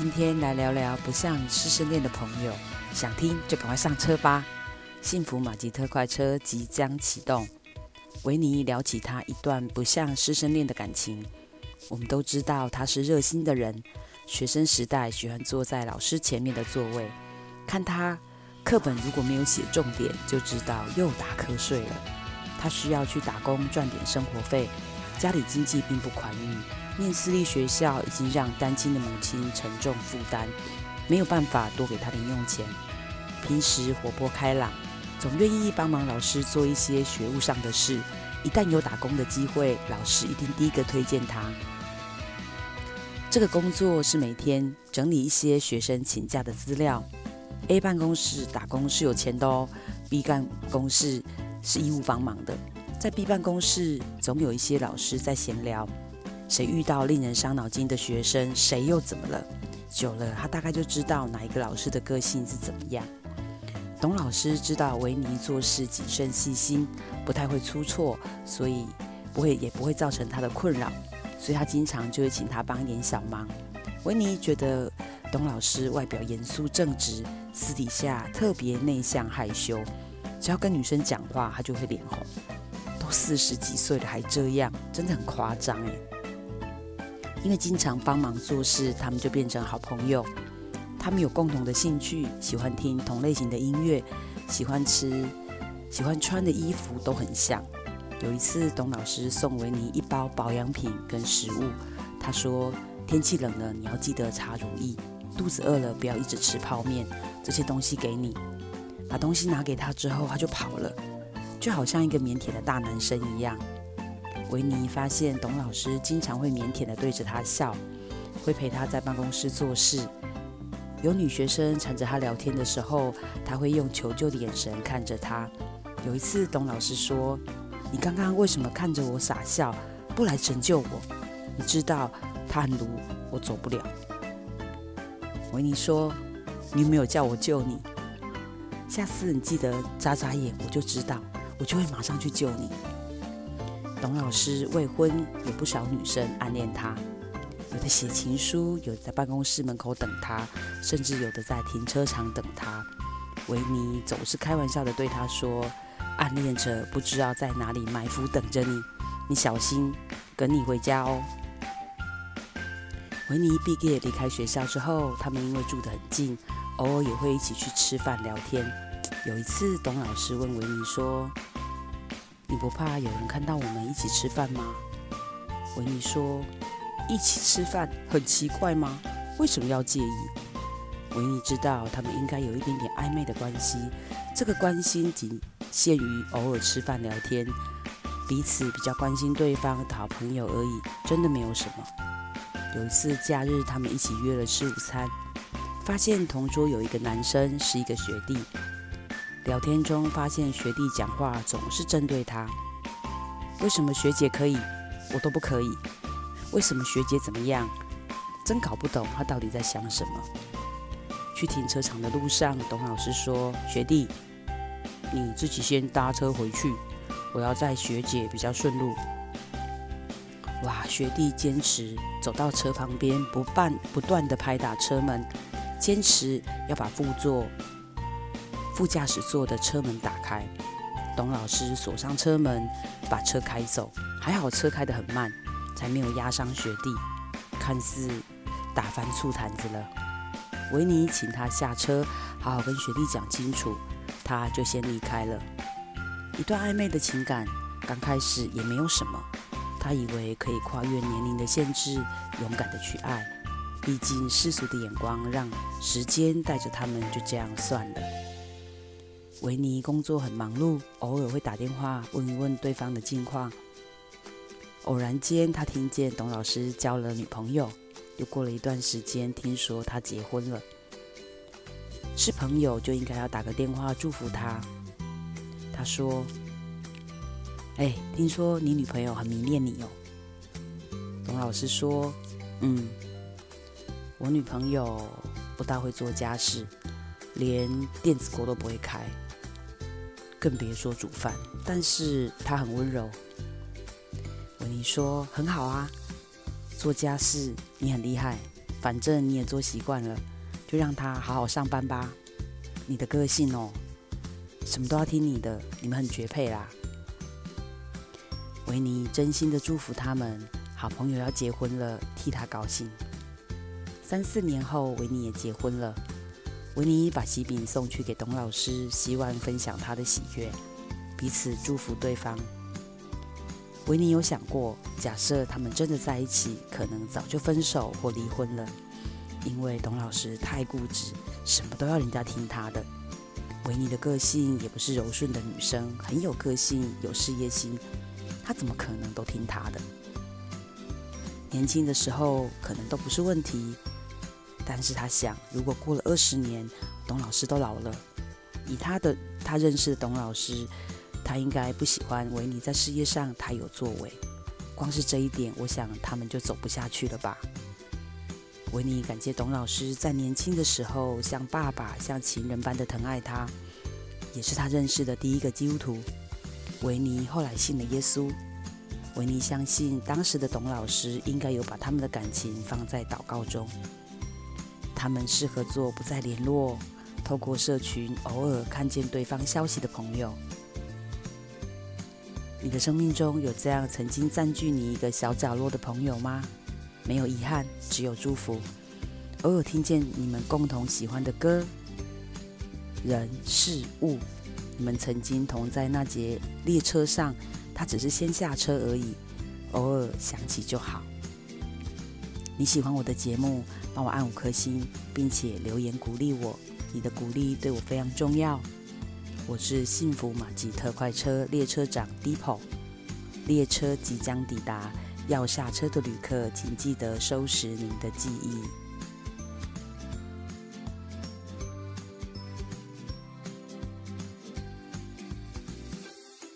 今天來聊聊不像師生戀的朋友，想聽就趕快上車吧！幸福馬吉特快車即將啟動。維尼聊起他一段不像師生戀的感情。我們都知道他是熱心的人，學生時代喜歡坐在老師前面的座位，看他課本如果沒有寫重點，就知道又打瞌睡了。他需要去打工賺點生活費。家裡經濟並不寬裕，念私立學校已經讓單親的母親沉重負擔，沒有辦法多給他零用錢。平時活潑開朗，總願意幫忙老師做一些學務上的事。一旦有打工的機會，老師一定第一個推薦他。這個工作是每天整理一些學生請假的資料。A 辦公室打工是有錢的哦，B 辦公室是義務幫忙的。在 B 辦公室，總有一些老師在閒聊。誰遇到令人傷腦筋的學生，誰又怎麼了？久了，他大概就知道哪一個老師的個性是怎麼樣。董老師知道維尼做事謹慎細心，不太會出錯，所以不會也不會造成他的困擾，所以他經常就會請他幫一點小忙。維尼覺得董老師外表嚴肅正直，私底下特別內向害羞，只要跟女生講話，他就會臉紅。四十幾歲了還這樣，真的很誇張耶！因為經常幫忙做事，他們就變成好朋友。他們有共同的興趣，喜歡聽同類型的音樂，喜歡吃，喜歡穿的衣服都很像。有一次，董老師送維尼一包保養品跟食物，他說：“天氣冷了，你要記得擦乳液，肚子餓了，不要一直吃泡麵。”這些東西給你，把東西拿給他之後，他就跑了。就好像一個靦腆的大男生一樣，維尼發現董老師經常會靦腆地對着他笑，會陪他在辦公室做事。有女學生纏着他聊天的時候，他會用求救的眼神看着他。有一次，董老師說：“你剛剛為什麼看着我傻笑？不來拯救我？你知道他很毒，我走不了。”維尼說：“你有沒有叫我救你？下次你記得眨眨眼，我就知道。”我就會馬上去救你。董老師未婚，有不少女生暗戀他，有的寫情書，有的在辦公室門口等他，甚至有的在停車場等他。維尼總是開玩笑的對他說：“暗戀者不知道在哪裡埋伏等着你，你小心，跟你回家哦。”維尼畢業離開學校之後，他們因為住得很近，偶爾也會一起去吃飯聊天。有一次，董老師問維尼說，你不怕有人看到我們一起吃飯嗎？維尼說：“一起吃飯很奇怪嗎？為什麼要介意？”維尼知道他們應該有一點點曖昧的關係，這個關心僅限於偶爾吃飯聊天，彼此比較關心對方的好朋友而已，真的沒有什麼。有一次假日，他們一起約了吃午餐，發現同桌有一個男生是一個學弟。聊天中發現學弟講話總是針對他，為什麼學姐可以，我都不可以？為什麼學姐怎麼樣？真搞不懂他到底在想什麼。去停車場的路上，董老師說：“學弟，你自己先搭車回去，我要載學姐比較順路。”哇，學弟堅持走到車旁邊，不辦不斷的拍打車門，堅持要把副座。副駕駛座的車門打開，董老師鎖上車門，把車開走。還好車開得很慢，才沒有壓傷學弟。看似打翻醋罈子了，維尼請他下車，好好跟學弟講清楚。他就先離開了。一段曖昧的情感，剛開始也沒有什麼。他以為可以跨越年齡的限制，勇敢的去愛。畢竟世俗的眼光，讓時間帶着他們就這樣算了。維尼工作很忙碌，偶爾會打電話問一問對方的近況。偶然間，他聽見董老師交了女朋友。又過了一段時間，聽說他結婚了。是朋友就應該要打個電話祝福他。他說：“哎、欸，聽說你女朋友很迷戀你哦。”董老師說：“嗯，我女朋友不大會做家事，連電子鍋都不會開。”更別說煮飯，但是他很溫柔。維尼說：“很好啊，做家事你很厲害，反正你也做習慣了，就讓他好好上班吧。你的個性哦，什麼都要聽你的，你們很絕配啦。”維尼真心的祝福他們，好朋友要結婚了，替他高興。三四年後，維尼也結婚了。維尼把喜餅送去給董老師，希望分享他的喜悅，彼此祝福對方。維尼有想過，假設他們真的在一起，可能早就分手或離婚了，因為董老師太固執，什麼都要人家聽他的。維尼的個性也不是柔順的女生，很有個性，有事業心，她怎麼可能都聽他的？年輕的時候可能都不是問題。但是他想，如果過了二十年，董老師都老了，以他的他認識的董老師，他應該不喜歡維尼在事業上太有作為。光是這一點，我想他們就走不下去了吧。維尼感謝董老師在年輕的時候像爸爸、像情人般的疼愛他，也是他認識的第一個基督徒。維尼後來信了耶穌。維尼相信當時的董老師應該有把他們的感情放在禱告中。他們適合做不再聯絡，透過社群偶爾看見對方消息的朋友。你的生命中有這樣曾經佔據你一個小角落的朋友嗎？沒有遺憾，只有祝福。偶爾聽見你們共同喜歡的歌，人事物，你們曾經同在那節列車上，他只是先下車而已。偶爾想起就好。你喜歡我的節目，幫我按五顆星，並且留言鼓勵我。你的鼓勵對我非常重要。我是幸福馬吉特快車列車長 Deepo，列車即將抵達，要下車的旅客，請記得收拾您的記憶。